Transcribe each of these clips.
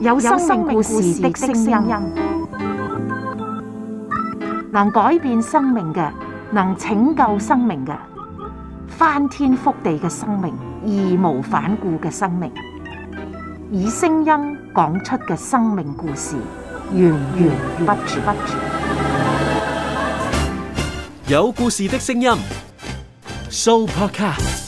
有生命故事的聲音，能改變生命嘅，能拯救生命嘅，翻天覆地嘅生命，義無反顧嘅生命，以聲音講出嘅生命故事，源源不絕。有故事的聲音，Soupercast。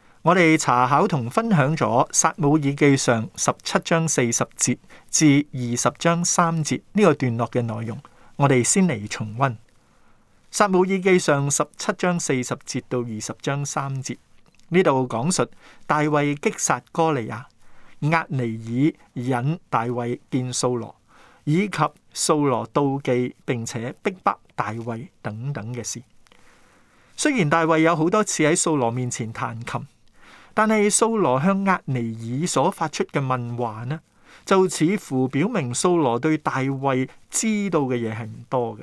我哋查考同分享咗《撒母耳記》上十七章四十節至二十章三節呢、這個段落嘅內容。我哋先嚟重温《撒母耳記》上十七章四十節到二十章三節呢度講述大衛擊殺哥利亞，押尼爾引大衛見掃羅，以及掃羅妒忌並且逼迫大衛等等嘅事。雖然大衛有好多次喺掃羅面前彈琴。但係，掃羅向押尼珥所發出嘅問話呢，就似乎表明掃羅對大衛知道嘅嘢係唔多嘅，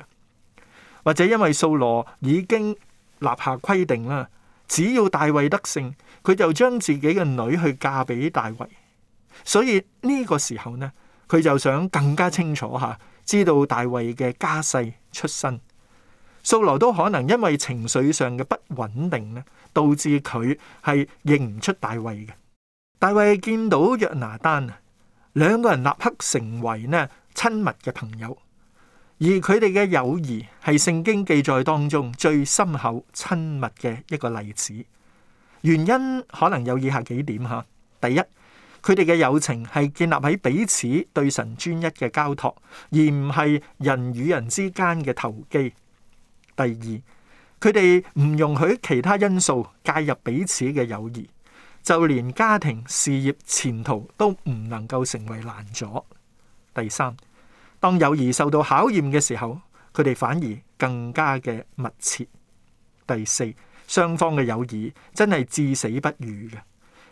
或者因為掃羅已經立下規定啦，只要大衛得勝，佢就將自己嘅女去嫁俾大衛。所以呢個時候呢，佢就想更加清楚吓，知道大衛嘅家世出身。素來都可能因為情緒上嘅不穩定咧，導致佢係認唔出大衛嘅。大衛見到約拿單，啊，兩個人立刻成為呢親密嘅朋友，而佢哋嘅友誼係聖經記載當中最深厚親密嘅一個例子。原因可能有以下幾點吓：第一，佢哋嘅友情係建立喺彼此對神專一嘅交託，而唔係人與人之間嘅投機。第二，佢哋唔容許其他因素介入彼此嘅友誼，就連家庭、事業、前途都唔能夠成為攔阻。第三，當友誼受到考驗嘅時候，佢哋反而更加嘅密切。第四，雙方嘅友誼真係至死不渝嘅。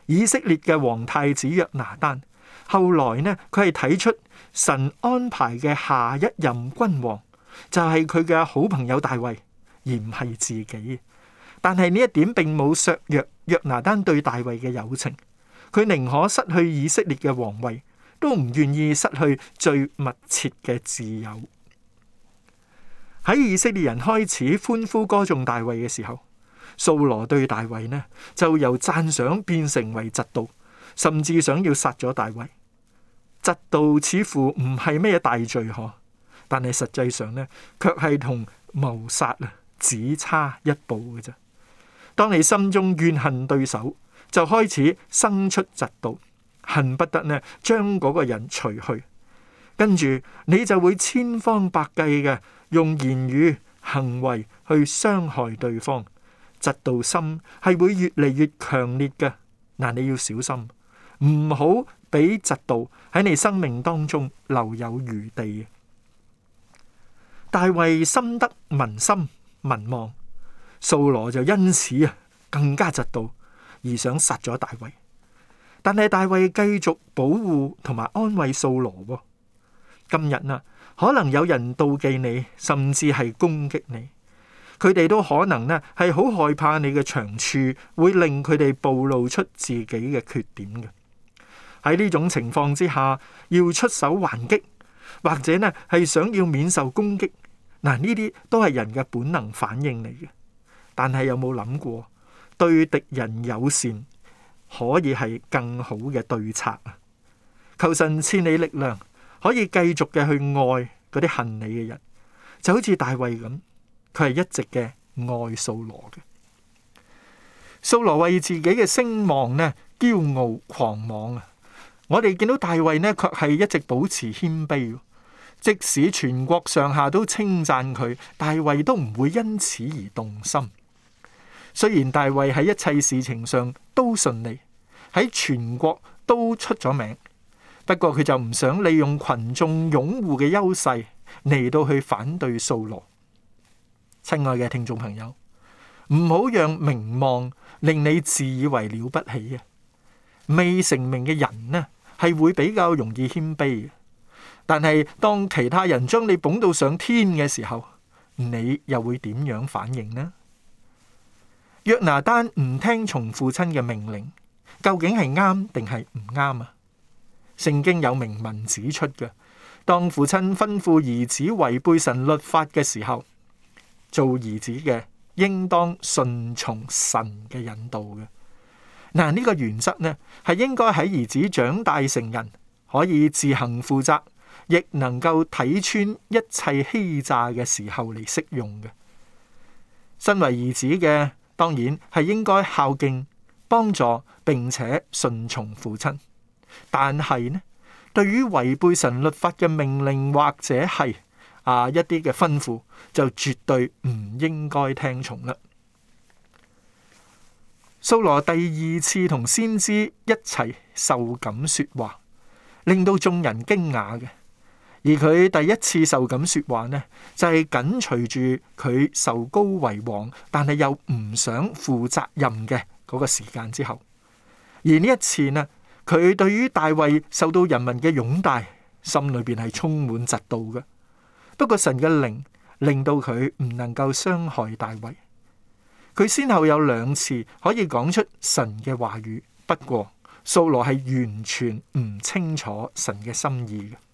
以色列嘅皇太子約拿單後來呢，佢係睇出神安排嘅下一任君王。就係佢嘅好朋友大衛，而唔係自己。但係呢一點並冇削弱約拿單對大衛嘅友情。佢寧可失去以色列嘅王位，都唔願意失去最密切嘅摯友。喺以色列人開始歡呼歌頌大衛嘅時候，掃羅對大衛呢就由讚賞變成為嫉妒，甚至想要殺咗大衛。嫉妒似乎唔係咩大罪呵。但係實際上咧，卻係同謀殺啊，只差一步嘅啫。當你心中怨恨對手，就開始生出嫉妒，恨不得咧將嗰個人除去。跟住你就會千方百計嘅用言語、行為去傷害對方。嫉妒心係會越嚟越強烈嘅，嗱，你要小心，唔好俾嫉妒喺你生命當中留有餘地。大衛深得民心民望，掃羅就因此啊更加嫉妒，而想殺咗大衛。但係大衛繼續保護同埋安慰掃羅。今日啊，可能有人妒忌你，甚至係攻擊你，佢哋都可能咧係好害怕你嘅長處，會令佢哋暴露出自己嘅缺點嘅。喺呢種情況之下，要出手還擊，或者咧係想要免受攻擊。嗱，呢啲都係人嘅本能反應嚟嘅，但係有冇諗過對敵人友善可以係更好嘅對策啊？求神賜你力量，可以繼續嘅去愛嗰啲恨你嘅人，就好似大衛咁，佢係一直嘅愛掃羅嘅。掃羅為自己嘅聲望呢，驕傲狂妄啊！我哋見到大衛呢，卻係一直保持謙卑。即使全國上下都稱讚佢，大衛都唔會因此而動心。雖然大衛喺一切事情上都順利，喺全國都出咗名，不過佢就唔想利用群眾擁護嘅優勢嚟到去反對掃羅。親愛嘅聽眾朋友，唔好讓名望令你自以為了不起嘅，未成名嘅人呢係會比較容易謙卑。但係當其他人將你捧到上天嘅時候，你又會點樣反應呢？約拿單唔聽從父親嘅命令，究竟係啱定係唔啱啊？聖經有明文指出嘅，當父親吩咐兒子違背神律法嘅時候，做兒子嘅應當順從神嘅引導嘅。嗱，呢個原則呢，係應該喺兒子長大成人，可以自行負責。亦能夠睇穿一切欺詐嘅時候嚟適用嘅。身為兒子嘅，當然係應該孝敬、幫助並且順從父親。但係呢，對於違背神律法嘅命令或者係啊一啲嘅吩咐，就絕對唔應該聽從嘞。蘇羅第二次同先知一齊受感說話，令到眾人驚訝嘅。而佢第一次受感說話呢，就係、是、緊隨住佢受高為王，但係又唔想負責任嘅嗰個時間之後。而呢一次呢，佢對於大衛受到人民嘅擁戴，心裏邊係充滿嫉妒嘅。不過神嘅靈令到佢唔能夠傷害大衛。佢先後有兩次可以講出神嘅話語，不過掃羅係完全唔清楚神嘅心意嘅。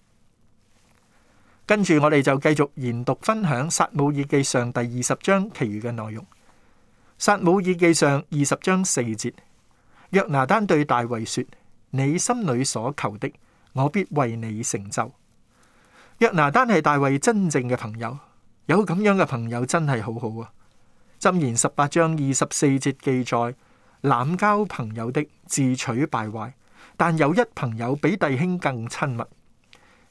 跟住我哋就繼續研讀分享《撒母耳記上》第二十章其餘嘅內容，《撒母耳記上》二十章四節：，約拿單對大衛說，你心裡所求的，我必為你成就。約拿單係大衛真正嘅朋友，有咁樣嘅朋友真係好好啊！《箴言》十八章二十四節記載：，濫交朋友的，自取敗壞，但有一朋友比弟兄更親密。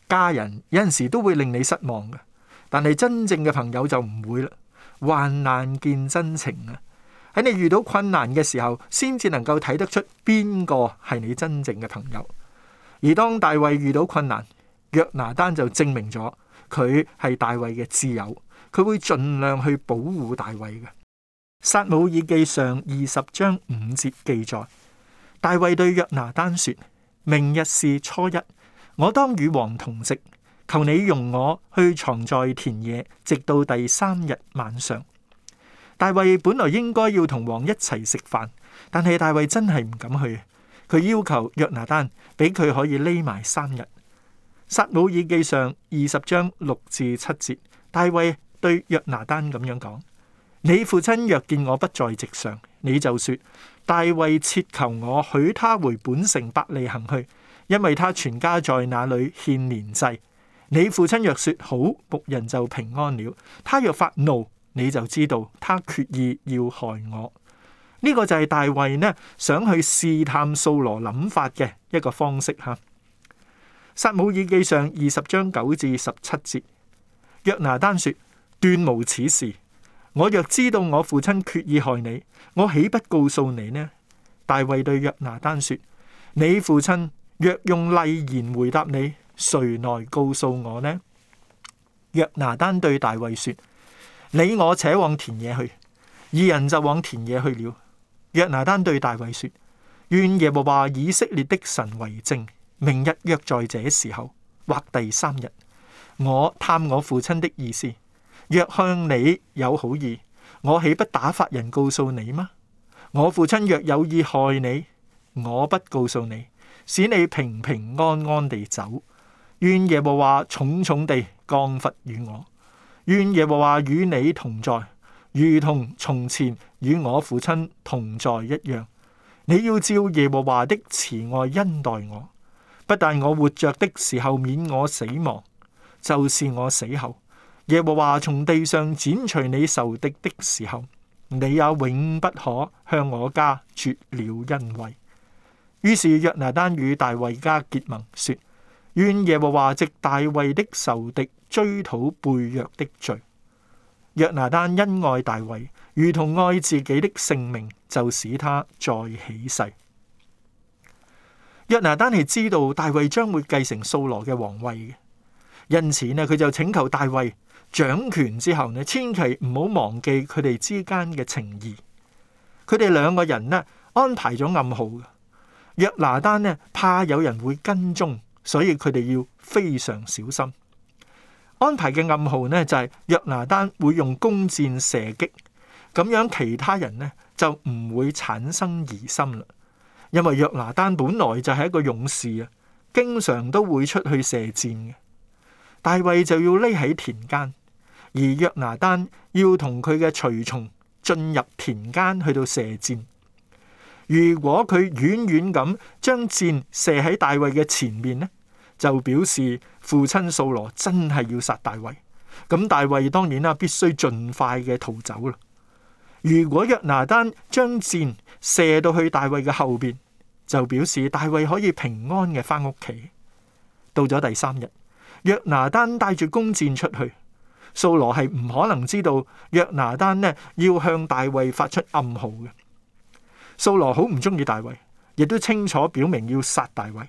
家人有陣時都會令你失望嘅，但係真正嘅朋友就唔會啦。患難見真情啊！喺你遇到困難嘅時候，先至能夠睇得出邊個係你真正嘅朋友。而當大衛遇到困難，約拿丹就證明咗佢係大衛嘅摯友，佢會盡量去保護大衛嘅。撒母耳記上二十章五節記載，大衛對約拿丹說：，明日是初一。我當與王同席，求你容我去藏在田野，直到第三日晚上。大衛本來應該要同王一齊食飯，但係大衛真係唔敢去，佢要求約拿單俾佢可以匿埋三日。撒母耳記上二十章六至七節，大衛對約拿單咁樣講：你父親若見我不在席上，你就說：大衛切求我，許他回本城伯利恆去。因為他全家在那裡獻年祭，你父親若說好，僕人就平安了；他若發怒，你就知道他決意要害我。呢、這個就係大衛呢想去試探掃羅諗法嘅一個方式。哈，撒母耳記上二十章九至十七節，約拿單說：斷無此事。我若知道我父親決意害你，我豈不告訴你呢？大衛對約拿單說：你父親。若用厲言回答你，誰來告訴我呢？約拿單對大衛說：你我且往田野去。二人就往田野去了。約拿單對大衛說：願耶和華以色列的神為證，明日約在這時候或第三日，我探我父親的意思。若向你有好意，我豈不打發人告訴你嗎？我父親若有意害你，我不告訴你。使你平平安安地走，願耶和華重重地降罰與我，願耶和華與你同在，如同從前與我父親同在一樣。你要照耶和華的慈愛恩待我，不但我活着的時候免我死亡，就是我死後，耶和華從地上剪除你仇敵的時候，你也永不可向我家絕了恩惠。於是約拿單與大衛家結盟說，說，願耶和華藉大衛的仇敵追討背約的罪。約拿單恩愛大衛，如同愛自己的性命，就使他再起誓。約拿單係知道大衛將會繼承掃羅嘅皇位嘅，因此呢，佢就請求大衛掌權之後呢，千祈唔好忘記佢哋之間嘅情誼。佢哋兩個人呢，安排咗暗號。約拿丹呢，怕有人會跟蹤，所以佢哋要非常小心。安排嘅暗號呢，就係約拿丹會用弓箭射擊，咁樣其他人呢就唔會產生疑心啦。因為約拿丹本來就係一個勇士啊，經常都會出去射箭嘅。大衛就要匿喺田間，而約拿丹要同佢嘅隨從進入田間去到射箭。如果佢遠遠咁將箭射喺大衛嘅前面呢，就表示父親掃羅真係要殺大衛。咁大衛當然啦，必須盡快嘅逃走啦。如果約拿單將箭射到去大衛嘅後邊，就表示大衛可以平安嘅翻屋企。到咗第三日，約拿單帶住弓箭出去，掃羅係唔可能知道約拿單呢要向大衛發出暗號嘅。掃羅好唔中意大衛，亦都清楚表明要殺大衛。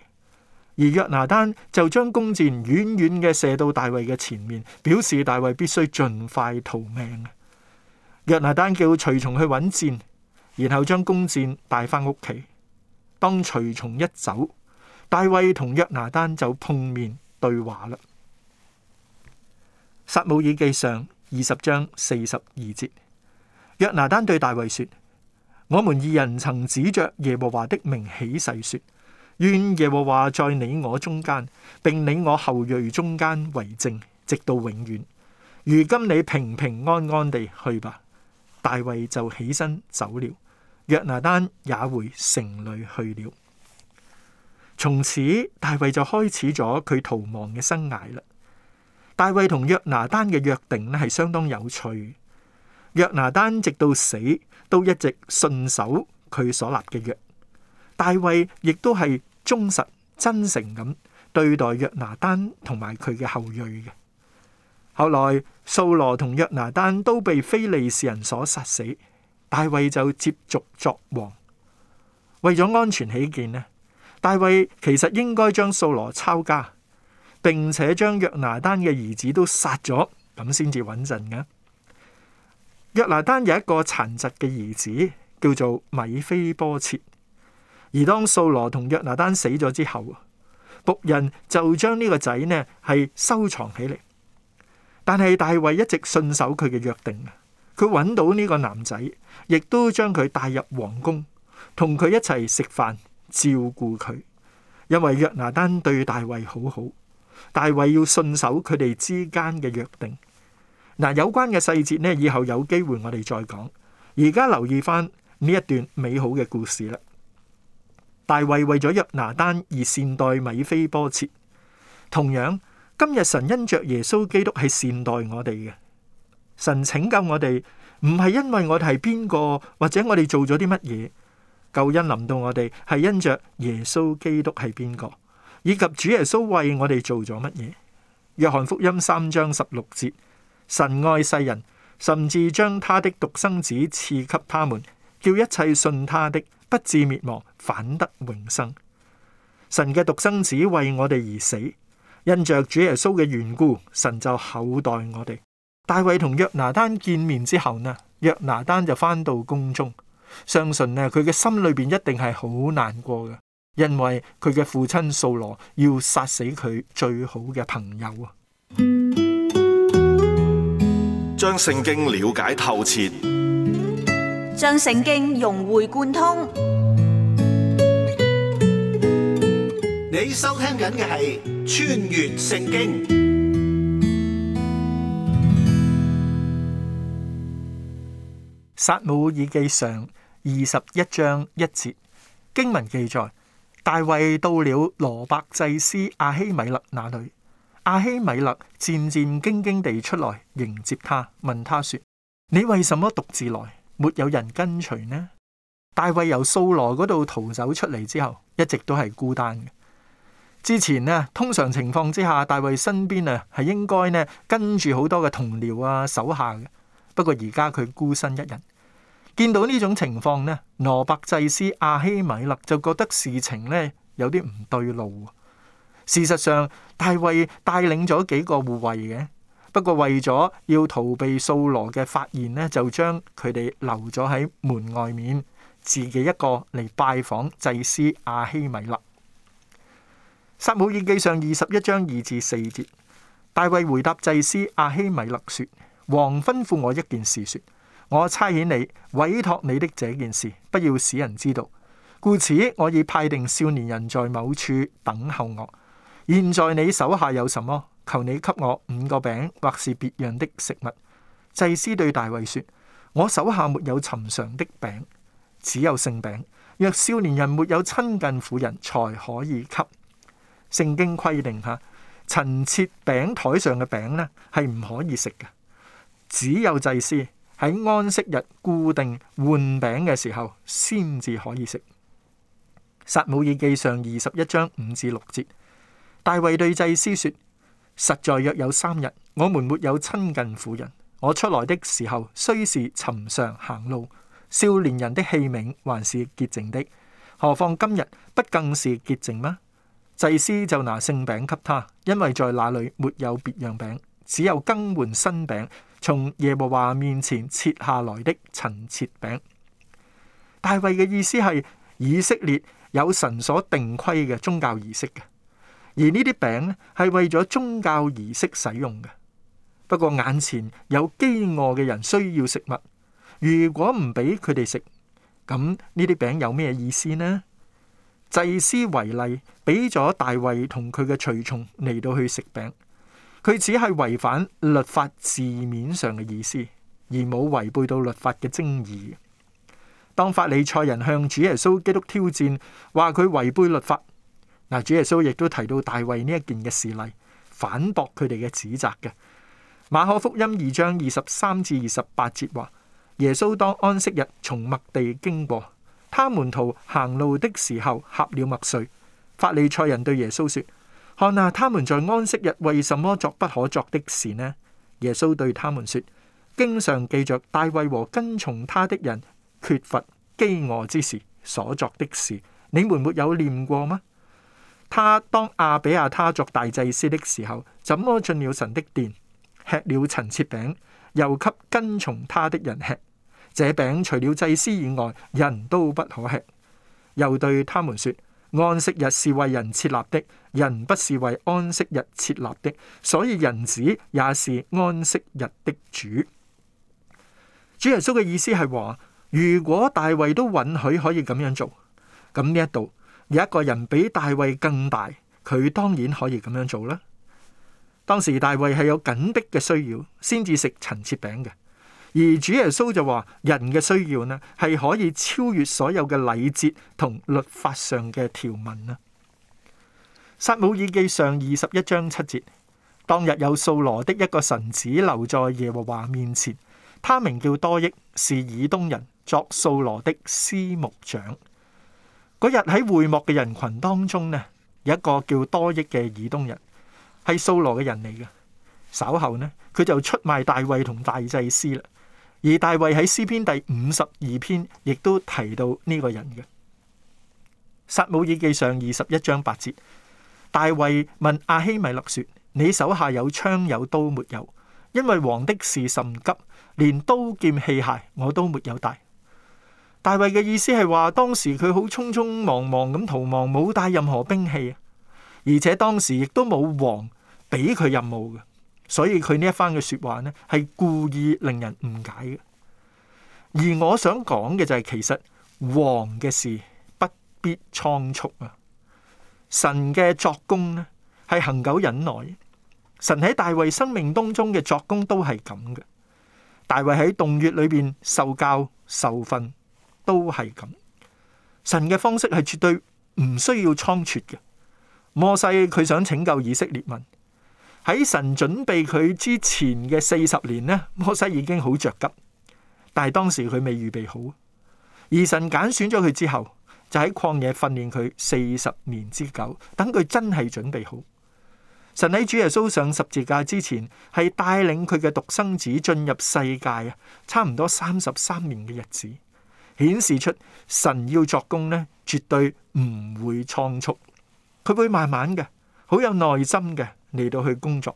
而約拿單就將弓箭遠遠嘅射到大衛嘅前面，表示大衛必須盡快逃命。約拿單叫隨從去揾箭，然後將弓箭帶翻屋企。當隨從一走，大衛同約拿單就碰面對話啦。撒母耳記上二十章四十二節，約拿單對大衛說。我們二人曾指着耶和華的名起誓說：願耶和華在你我中間，並你我後裔中間為證，直到永遠。如今你平平安安地去吧。大衛就起身走了，約拿單也回城裏去了。從此，大衛就開始咗佢逃亡嘅生涯啦。大衛同約拿單嘅約定呢，係相當有趣。約拿丹直到死都一直信守佢所立嘅約，大衛亦都係忠實真誠咁對待約拿丹同埋佢嘅後裔嘅。後來掃羅同約拿丹都被非利士人所殺死，大衛就接續作王。為咗安全起見呢，大衛其實應該將掃羅抄家，並且將約拿丹嘅兒子都殺咗，咁先至穩陣嘅。約拿單有一個殘疾嘅兒子，叫做米非波設。而當掃羅同約拿單死咗之後，僕人就將呢個仔呢係收藏起嚟。但係大衛一直信守佢嘅約定，佢揾到呢個男仔，亦都將佢帶入皇宮，同佢一齊食飯，照顧佢。因為約拿單對大衛好好，大衛要信守佢哋之間嘅約定。嗱，有關嘅細節呢，以後有機會我哋再講。而家留意翻呢一段美好嘅故事啦。大衛為咗約拿單而善待米非波切，同樣今日神因着耶穌基督係善待我哋嘅神，拯救我哋，唔係因為我哋係邊個，或者我哋做咗啲乜嘢，救恩臨到我哋係因着耶穌基督係邊個，以及主耶穌為我哋做咗乜嘢，約翰福音三章十六節。神愛世人，甚至將他的獨生子賜給他們，叫一切信他的不至滅亡，反得永生。神嘅獨生子為我哋而死，因着主耶穌嘅緣故，神就厚待我哋。大衛同約拿單見面之後呢，約拿單就返到宮中，相信呢佢嘅心裏邊一定係好難過嘅，因為佢嘅父親掃羅要殺死佢最好嘅朋友啊。將聖經了解透徹，將聖經融會貫通。你收聽緊嘅係《穿越聖經》。撒母耳記上二十一章一節經文記載：大衛到了羅伯祭司亞希米勒那裏。亞希米勒戰戰兢兢地出來迎接他，問他說：你為什麼獨自來，沒有人跟隨呢？大衛由掃羅嗰度逃走出嚟之後，一直都係孤單嘅。之前呢，通常情況之下，大衛身邊啊係應該呢跟住好多嘅同僚啊手下嘅。不過而家佢孤身一人，見到呢種情況呢，羅伯祭司亞希米勒就覺得事情呢有啲唔對路。事實上，大衛帶領咗幾個護衛嘅，不過為咗要逃避掃羅嘅發現呢就將佢哋留咗喺門外面，自己一個嚟拜訪祭司阿希米勒。撒姆《耳記上二十一章二至四節，大衛回答祭司阿希米勒說：王吩咐我一件事說，說我差遣你委託你的這件事，不要使人知道。故此，我已派定少年人在某處等候我。現在你手下有什麼？求你給我五個餅，或是別樣的食物。祭司對大衛說：我手下沒有尋常的餅，只有聖餅。若少年人沒有親近婦人才可以給。聖經規定吓，陳設餅台上嘅餅呢，係唔可以食嘅，只有祭司喺安息日固定換餅嘅時候先至可以食。撒母耳記上二十一章五至六節。大衛對祭司說：實在約有三日，我們沒有親近婦人。我出來的時候雖是尋常行路，少年人的器皿還是潔淨的，何況今日不更是潔淨嗎？祭司就拿聖餅給他，因為在那裏沒有別樣餅，只有更換新餅，從耶和華面前切下來的陳切餅。大衛嘅意思係，以色列有神所定規嘅宗教儀式嘅。而呢啲餅咧係為咗宗教儀式使用嘅。不過眼前有飢餓嘅人需要食物，如果唔俾佢哋食，咁呢啲餅有咩意思呢？祭司為例，俾咗大衛同佢嘅隨從嚟到去食餅，佢只係違反律法字面上嘅意思，而冇違背到律法嘅精義。當法利賽人向主耶穌基督挑戰，話佢違背律法。嗱，主耶穌亦都提到大衛呢一件嘅事例，反駁佢哋嘅指責嘅。馬可福音二章二十三至二十八節話：耶穌當安息日從麥地經過，他們徒行路的時候，合了麥穗。法利賽人對耶穌說：看下，他們在安息日為什麼作不可作的事呢？耶穌對他們說：經常記着大衛和跟從他的人缺乏飢餓之時所作的事，你們沒有念過嗎？他當亞比亞他作大祭司的時候，怎麼進了神的殿，吃了陳設餅，又給跟從他的人吃？這餅除了祭司以外，人都不可吃。又對他們說：安息日是為人設立的，人不是為安息日設立的。所以人子也是安息日的主。主耶穌嘅意思係話：如果大衛都允許可以咁樣做，咁呢一度。有一個人比大衛更大，佢當然可以咁樣做啦。當時大衛係有緊迫嘅需要，先至食陳設餅嘅。而主耶穌就話人嘅需要呢，係可以超越所有嘅禮節同律法上嘅條文啦。撒母耳記上二十一章七節：當日有掃羅的一個臣子留在耶和華面前，他名叫多益，是以東人，作掃羅的司牧長。嗰日喺會幕嘅人群當中呢，有一個叫多益嘅以東人，係蘇羅嘅人嚟嘅。稍後呢，佢就出賣大衛同大祭司啦。而大衛喺詩篇第五十二篇亦都提到呢個人嘅。撒母耳記上二十一章八節，大衛問阿希米勒說：你手下有槍有刀沒有？因為王的事甚急，連刀劍器械我都沒有帶。大衛嘅意思係話，當時佢好匆匆忙忙咁逃亡，冇帶任何兵器，而且當時亦都冇王俾佢任務嘅，所以佢呢一番嘅說話呢係故意令人誤解嘅。而我想講嘅就係、是，其實王嘅事不必倉促啊。神嘅作工呢係恆久忍耐，神喺大衛生命當中嘅作工都係咁嘅。大衛喺洞穴裏邊受教受訓。都係咁，神嘅方式係絕對唔需要倉促嘅。摩西佢想拯救以色列民，喺神準備佢之前嘅四十年呢，摩西已經好着急，但係當時佢未預備好。而神揀選咗佢之後，就喺曠野訓練佢四十年之久，等佢真係準備好。神喺主耶穌上十字架之前，係帶領佢嘅獨生子進入世界啊，差唔多三十三年嘅日子。顯示出神要作工咧，絕對唔會倉促，佢會慢慢嘅，好有耐心嘅嚟到去工作。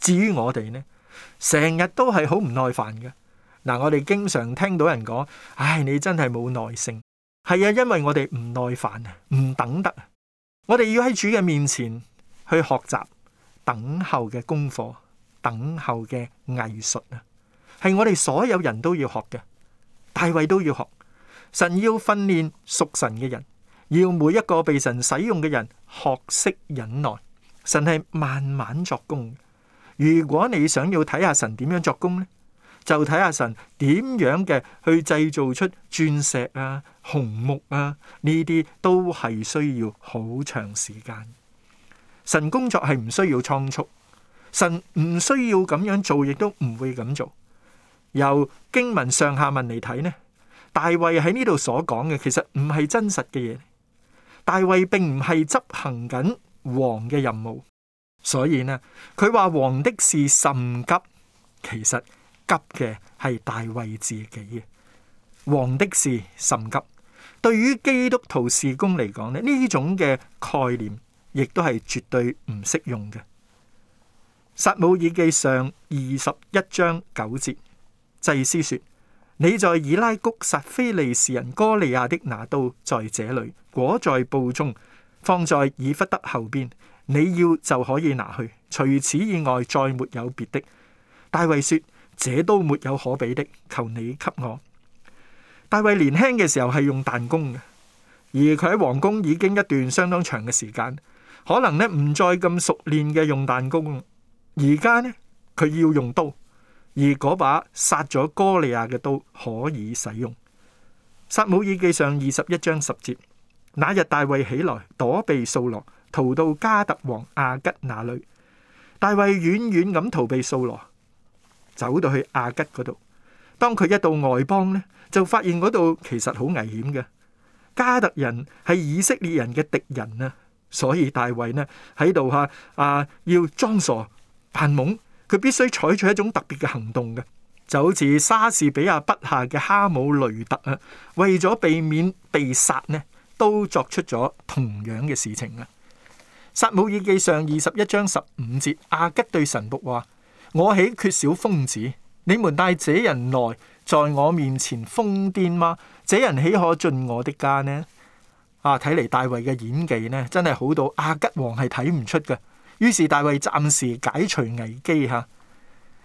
至於我哋呢，成日都係好唔耐煩嘅。嗱，我哋經常聽到人講：唉、哎，你真係冇耐性。係啊，因為我哋唔耐煩啊，唔等得。我哋要喺主嘅面前去學習等候嘅功課，等候嘅藝術啊，係我哋所有人都要學嘅。大衛都要學，神要訓練屬神嘅人，要每一個被神使用嘅人學識忍耐。神係慢慢作工。如果你想要睇下神點樣作工呢，就睇下神點樣嘅去製造出鑽石啊、紅木啊呢啲，都係需要好長時間。神工作係唔需要倉促，神唔需要咁樣做，亦都唔會咁做。由經文上下文嚟睇呢，大衛喺呢度所講嘅其實唔係真實嘅嘢。大衛並唔係執行緊王嘅任務，所以呢，佢話王的事甚急，其實急嘅係大衛自己嘅。王的事甚急，對於基督徒事工嚟講呢，呢種嘅概念，亦都係絕對唔適用嘅。撒母耳記上二十一章九節。祭司說：你在以拉谷殺非利士人歌利亞的那刀在這裏，裹在布中，放在以弗得後邊。你要就可以拿去，除此以外再沒有別的。大衛說：這刀沒有可比的，求你給我。大衛年輕嘅時候係用彈弓嘅，而佢喺皇宮已經一段相當長嘅時間，可能咧唔再咁熟練嘅用彈弓。而家呢，佢要用刀。而嗰把殺咗哥利亞嘅刀可以使用。撒母耳記上二十一章十節，那日大衛起來躲避掃羅，逃到加特王亞吉那裏。大衛遠遠咁逃避掃羅，走到去亞吉嗰度。當佢一到外邦呢，就發現嗰度其實好危險嘅。加特人係以色列人嘅敵人啊，所以大衛呢喺度吓啊，啊要裝傻扮懵。佢必須採取一種特別嘅行動嘅，就好似莎士比亞筆下嘅哈姆雷特啊，為咗避免被殺呢，都作出咗同樣嘅事情啊。撒母耳記上二十一章十五節，亞吉對神僕話：我豈缺少瘋子，你們帶這人來，在我面前瘋癲嗎？這人豈可進我的家呢？啊，睇嚟大衞嘅演技呢，真係好到亞吉王係睇唔出嘅。於是大衛暫時解除危機吓。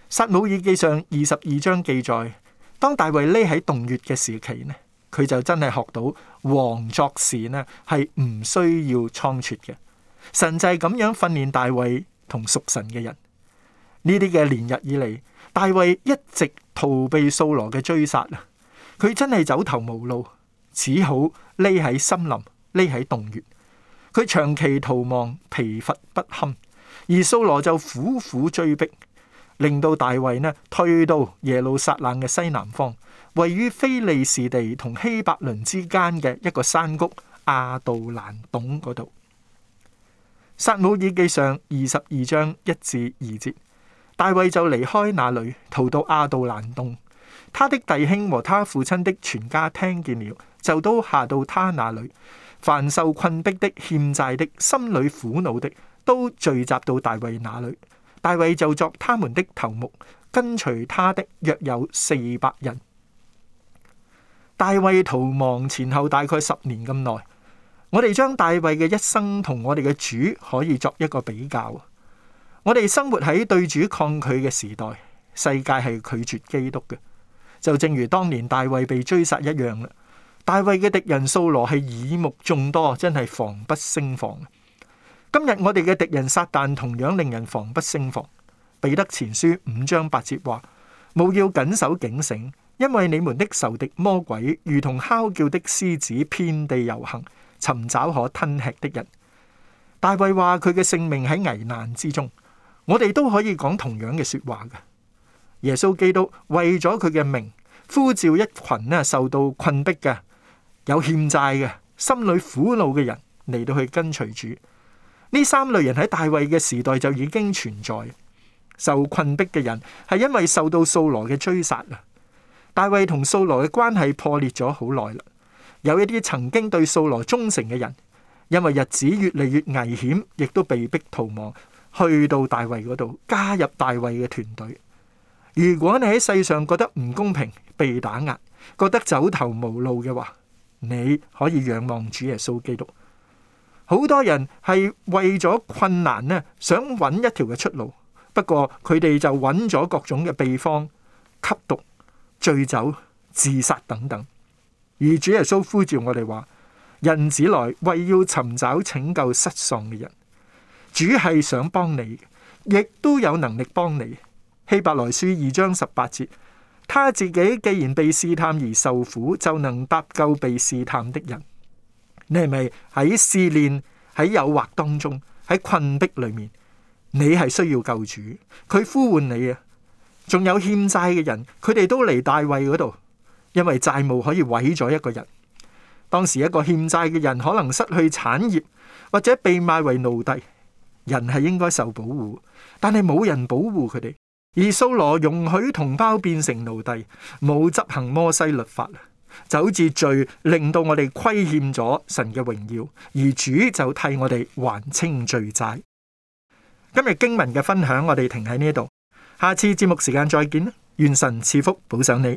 撒母耳記上二十二章記載，當大衛匿喺洞穴嘅時期呢，佢就真係學到王作事呢係唔需要倉促嘅。神就係咁樣訓練大衛同屬神嘅人。呢啲嘅連日以嚟，大衛一直逃避掃羅嘅追殺啊！佢真係走投無路，只好匿喺森林，匿喺洞穴。佢長期逃亡，疲乏不堪，而掃羅就苦苦追逼，令到大衛呢，退到耶路撒冷嘅西南方，位於非利士地同希伯崙之間嘅一個山谷亞杜蘭洞嗰度。撒母耳記上二十二章一至二節，大衛就離開那裡，逃到亞杜蘭洞。他的弟兄和他父親的全家聽見了，就都下到他那裡。凡受困迫的、欠債的、心裏苦惱的，都聚集到大衛那裏。大衛就作他們的頭目，跟隨他的約有四百人。大衛逃亡前後大概十年咁耐。我哋將大衛嘅一生同我哋嘅主可以作一個比較。我哋生活喺對主抗拒嘅時代，世界係拒絕基督嘅，就正如當年大衛被追殺一樣啦。大衛嘅敵人掃羅係耳目眾多，真係防不勝防。今日我哋嘅敵人撒但同樣令人防不勝防。彼得前書五章八節話：務要謹守警醒，因為你們的仇敵魔鬼如同哮叫的獅子，遍地遊行，尋找可吞吃的人。大衛話佢嘅性命喺危難之中，我哋都可以講同樣嘅說話嘅。耶穌基督為咗佢嘅命呼召一群呢受到困逼嘅、有欠債嘅、心裏苦惱嘅人嚟到去跟隨主，呢三類人喺大衛嘅時代就已經存在。受困逼嘅人係因為受到掃羅嘅追殺啊！大衛同掃羅嘅關係破裂咗好耐啦，有一啲曾經對掃羅忠誠嘅人，因為日子越嚟越危險，亦都被逼逃亡，去到大衛嗰度加入大衛嘅團隊。如果你喺世上覺得唔公平、被打壓、覺得走投無路嘅話，你可以仰望主耶穌基督。好多人係為咗困難呢，想揾一條嘅出路，不過佢哋就揾咗各種嘅秘方、吸毒、醉酒、自殺等等。而主耶穌呼召我哋話：人子來為要尋找拯救失喪嘅人。主係想幫你，亦都有能力幫你。希伯來書二章十八節。他自己既然被試探而受苦，就能搭救被試探的人。你係咪喺試煉、喺誘惑當中、喺困逼裏面？你係需要救主，佢呼喚你啊！仲有欠債嘅人，佢哋都嚟大衛嗰度，因為債務可以毀咗一個人。當時一個欠債嘅人可能失去產業，或者被賣為奴隸。人係應該受保護，但係冇人保護佢哋。而蘇羅容許同胞變成奴隸，冇執行摩西律法，就好似罪，令到我哋虧欠咗神嘅榮耀，而主就替我哋還清罪債。今日經文嘅分享，我哋停喺呢度，下次節目時間再見啦！願神賜福，保上你。